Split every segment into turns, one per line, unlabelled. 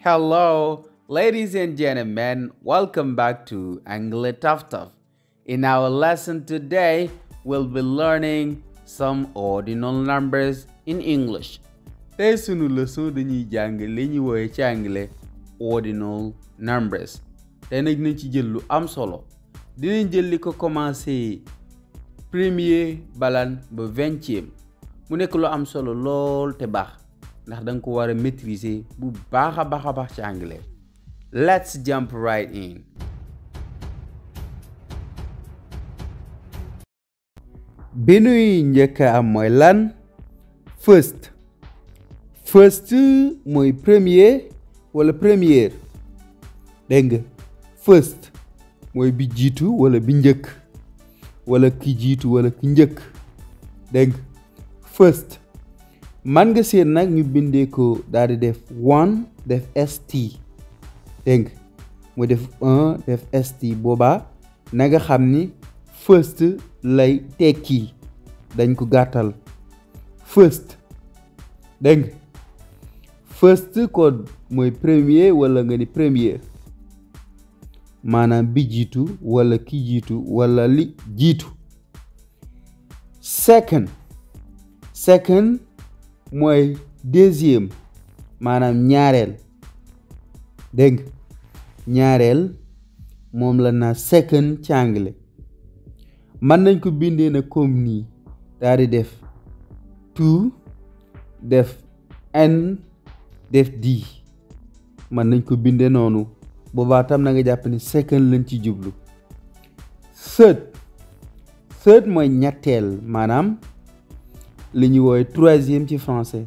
Hello, ladies and gentlemen, welcome back to Angle Tough Tough. In our lesson today, we'll be learning some ordinal numbers in English. tey sunu leçon dañuy jàng li ñuy woowe ci anglais ordinal numbers tey nag dinañ ci jël lu am solo dinañ jël li ko commencé premier balan ba vingtième mu nekk lu am solo lool te baax ndax da nga ko war a maîtriser bu baax a baax a baax ci anglais let's jump right in bi njëkk am mooy lan first first mooy premier wala première dégg nga first mooy bi jiitu wala bi njëkk wala ki jiitu wala ki njëkk dégg first man nga seen nag ñu bindee ko daal di def one def st dégg mu def un def st boobaa na nga xam ni first lay tekki dañ ko gàttal first dégg first code mooy premier wala nga ni premier maanaam bi jiitu wala ki jiitu wala li jiitu second second mooy deuxième maanaam ñaareel dégg ñaareel moom la naa second ci anglais mën nañ ko bindee na comme nii daal def to def n def di mën nañ ko bindee noonu boobaa tam na nga jàpp ne second lañ ci jublu third third mooy ñetteel maanaam li ñuy woowe troisième ci français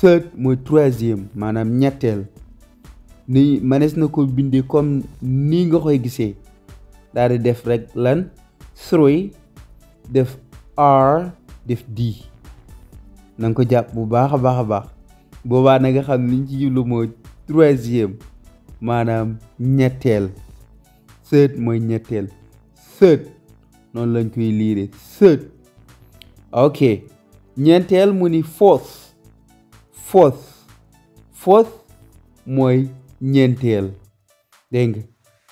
third mooy troisième maanaam ñetteel ni manees na ko bindee comme nii nga koy gisee daal di def rek lan three def r def di na ko jàpp bu baax a baax a baax boobaa na nga xam niñ ci jublu mooy troisième maanaam ñetteel third mooy ñetteel third noonu lañ koy liire third ok ñeenteel mu ni fourth fourth fourth mooy ñeenteel dégg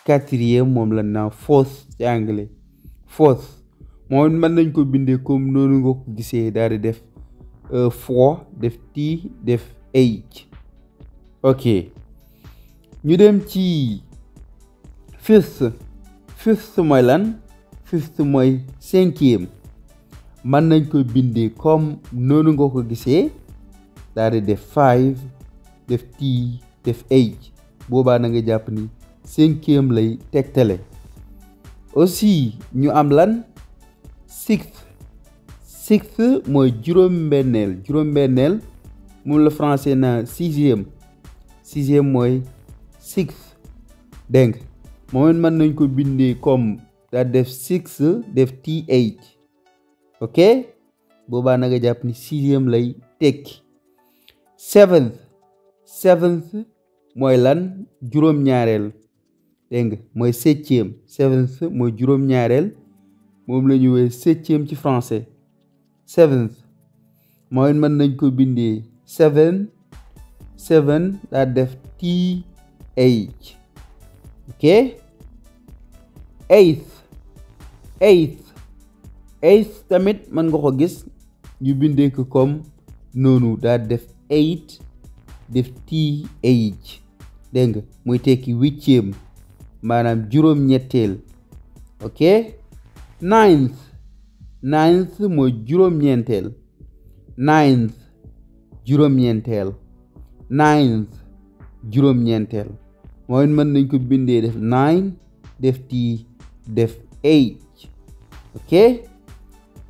nga moom la naa fourth ci anglais fourth moom mën nañ ko bindee comme noonu nga ko gisee daal di def euh, four def tii def eight ok ñu dem ci fifth fifth mooy lan fifth mooy cinquième man nañ ko bindee comme noonu nga ko gisee daal di def five def tii def eight boobaa na nga jàpp ni cinquième lay tegtale aussi ñu am lan sixth sixth mooy juróom-benneel juróom-benneel moom la français na sixième sixième mooy sixth dégg nga moom mën nañ ko bindee comme daal def six def tii eight ok boobaa nag nga jàpp ni sixième lay tekki seventh seventh mooy lan juróom-ñaareel dégg nga mooy septième seventh mooy juróom-ñaareel moom lañuy ñu woowee ci français seventh mooy mën nañ ko bindee seven seven daa def t h ok eighth eighth eight tamit mën nga ko gis ñu bindee ko comme noonu daal def eight def th dégg nga muy tekki huitième maanaam juróom-ñetteel ok ninth ninth mooy juróom-ñeenteel ninth juróom-ñeenteel mooy mën nañ ko bindee def nine def tii def eight ok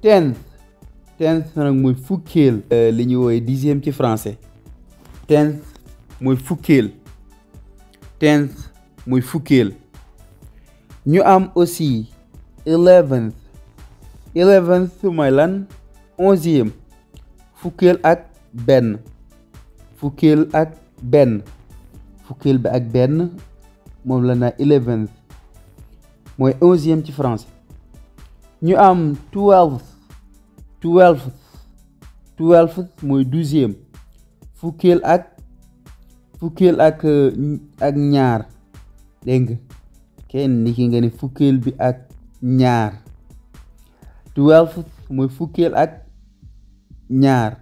tenth tenth nag mooy fukkeel euh, li ñu wooye dixième ci français tenth mooy fukkeel tenth mooy fukkeel ñu am aussi eleventh eleventh mooy lan onzième fukkeel ak benn fukkeel ak benn fukkeel bi ak benn moom la naa eleventh mooy onzième ci français ñu am twelfth twelfth twelfth mooy douzième fukkeel ak fukkeel ak euh, ñaar dégg kenn ni ki nga ne fukkeel bi ak ñaar twelfth mooy fukkeel ak ñaar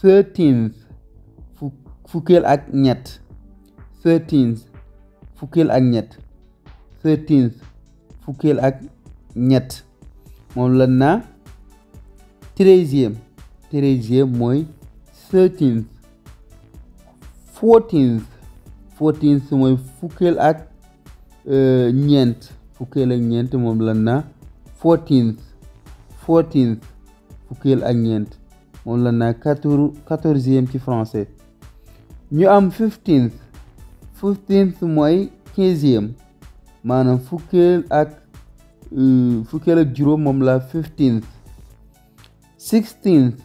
thirteenth fu fukkeel ak ñett thirteenth fukkeel ak ñett thirteenth fukkeel ak ñett moom la na treizième treizième mooy thirteenth fourteenth fourteenth mooy fukkeel ak euh, ñeent fukkeel ak ñeent moom la na fourteenth fourteenth fukkeel ak ñeent moom la na quatorzième ci français ñu am fifteenth fifteenth mooy quinzième maanaam fukkeel ak Euh, fukkeel ak juróom moom la fifteenth sixteenth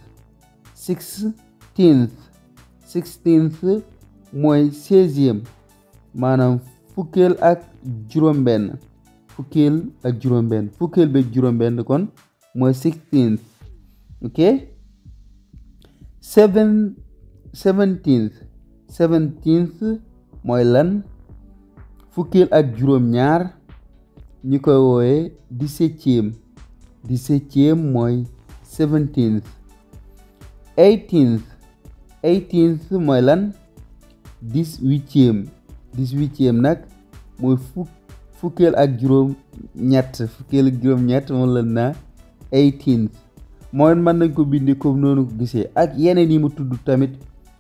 sixteenth mooy seizième maanaam fukkeel ak juróom-benn fukkeel ak juróom-benn fukkeel beeg juróom-benn kon mooy sixteenth ok seven seventeenth seventeenth mooy lan fukkeel ak juróom-ñaar. ñu koy wooyee dix-septième dix-septième mooy seventeenth eighteenth eighteenth mooy lan dix-huitième nag mooy fukk fukkeel ak juróom ñett fukkeel ak juróom ñett moom lan naa eighteenth mooy mën nañ ko bindee comme noonu ko gisee ak yeneen yi mu tudd tamit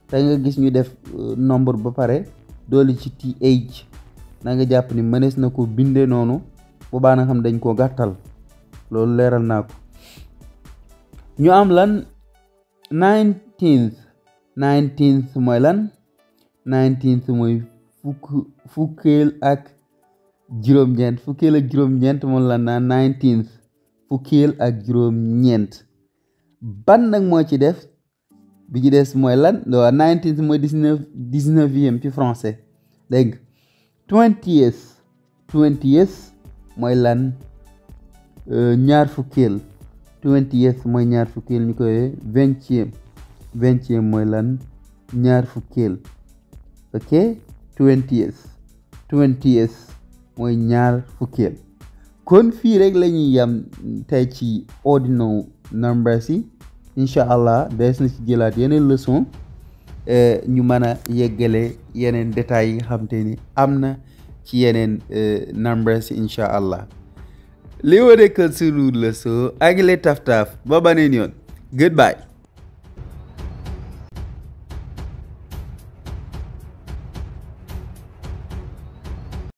te nga gis ñu def euh, nombre ba pare doole ci th na nga jàpp ni mënees na ko bindee noonu bu baa xam dañ koo gàttal loolu leeral naa ko ñu am lan nineteenth nineteenth mooy lan nineteenth mooy fukk fukkeel ak juróom-ñeent fukkeel ak juróom-ñeent moom lan naa nineteenth fukkeel ak juróom-ñeent ban nag moo ci def bi ci des mooy lan waaw nineteenth mooy dix-neuf dix-neuvième ci français dégg twentieth twentieth mooy lan euh, ñaar fukkeel twentieth mooy ñaar fukkeel ñu ko vingtième vingtième mooy lan ñaar fukkeel ok twentieth twentieth mooy ñaar fukkeel kon fii rek la ñuy yam tey ci ordinal numbers yi incha allah dees na si jëlaat yeneen leçon euh, ñu mën a yeggale yeneen détails yi nga xam ni am na ci yeneen euh, numbers incha allah li wa de Culture Road taf-taf ba baneen yoon goodbye